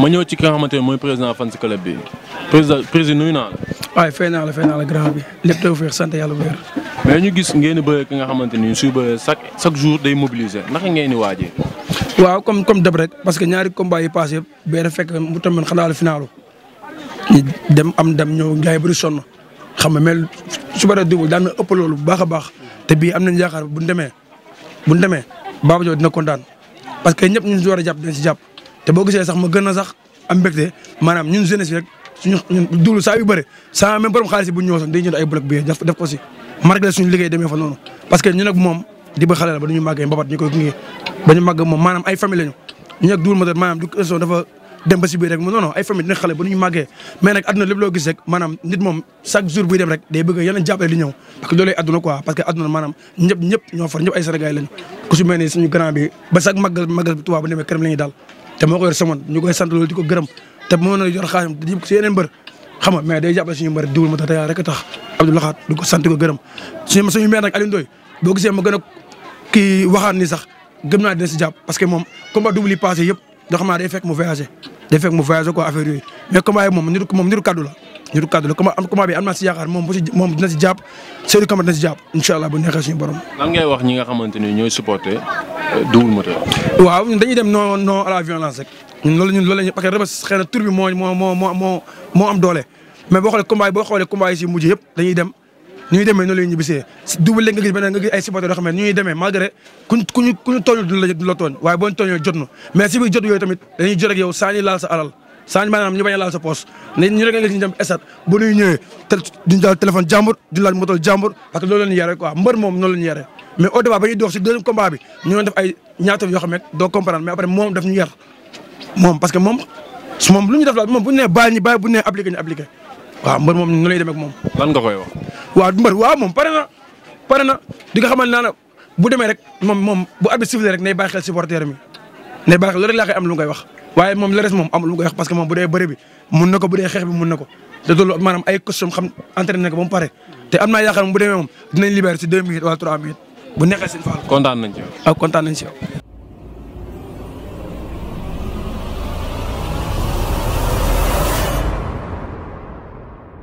ma ñëw ci ki nga mooy président fan si club bi président nuyu naa la. waaye fay naa la fay naa la grand bi lépp dafa féex sant yàlla bu wér. mais ñu gis ngeen di bëre ki nga xamante ni suy bëree chaque jour day mobiliser naka ngeen di waajee. waaw comme comme dab rek parce que ñaari combat yi passé yëpp bee dafa fekk mu tamit xanaa la finaalu ñu dem am dem ñëw gars bëri sonn xam nga mel suba la dugub daan na ëpp loolu bu baax a baax te bii am nañ yaakaar bu ñu demee bu ñu demee Baba Diaw kontaan parce que ñëpp ñu a jàpp dinañ te boo gisee sax ma gën a sax am mbégte maanaam ñun jeunesse rek suñu ñun duglu saa yu bëri saa même borom xaalis bu ñu ñëw sax ay bloc bi def ko si marqué si biir rek non non ay famille dina xale ba nit moom chaque jour buy dem rek day bëgg yeneen jàppale di ñëw parce que loolu adduna quoi parce que adduna maanaam ñëpp ñëpp ñoo far ñëpp ay Sénégalais lañu ku si mel ni suñu grand ba chaque màggal màggal bi tubaab bu demee këram la ñuy daal te moo ko yor sama ñu koy sant loolu di ko gërëm te moo na yor xaalisam di jëm si yeneen mbër xam nga mais day a tax Abdou Lahat di ko sant ko gërëm suñu suñu ni sax gëm naa dina si jàpp parce que moom combat double yi passé yëpp doo xam naa day fekk mu voyagé day fekk mu voyagé quoi bu si si jàpp borom lan ngay wax ñi nga xamante ni ñooy supporter double moteur. waaw ñun dañuy dem non non à la violence rek ñun loolu ñun loolu la ñuy parce que Rebeuss na tur moo am doole mais boo xoolee combat yi boo xoolee combat yi si mujj yëpp dem. ñu ñuy demee noonu la ñuy ñibbisee double léegi nga gis beneen nga gis ay supporters yoo xam kuñu kuñu tooñul jot na mais si biir jot yooyu tamit dañuy jot ak yow laal sa alal sànni maanaam ñu bañ a laal sa poos ne ñu rek nga gis ñu dem esat bu ñuy ñëwee duñ daal téléphone jàmbur duñ laal moto jàmbur parce que loolu la ñu yore quoi mbër moom noonu la ñu yore mais au départ ba ñuy dox si deuxième combat bi ñu doon def ay ñaataf yoo xam ne doo comprendre mais après moom daf ñu yar moom parce que moom su moom lu ñu def daal moom bu ñu nee bàyyi ñu bàyyi bu ñu nee appliqué ñu appliqué waaw mbër moom nu lay demee ak moom. lan nga koy wax. waaw mbër waaw moom pare na pare na di nga xamal naa bu demee rek moom moom bu arbitre sifflé rek nay bàyyi xel supporter mi nay bàyyi xel loolu rek laa koy am lu ngay wax waaye moom le reste moom amul lu ko wax parce que moom bu dee bëre bi mun na ko bu dee xeex bi mun na ko te loolu maanaam ay costume xam entraîné na ko ba mu pare te am naa yaakaar moom bu demee moom dinañ libéré si deux minutes wala trois minutes bu nekkee seen faal. kontaan nañ ci yow. ah kontaan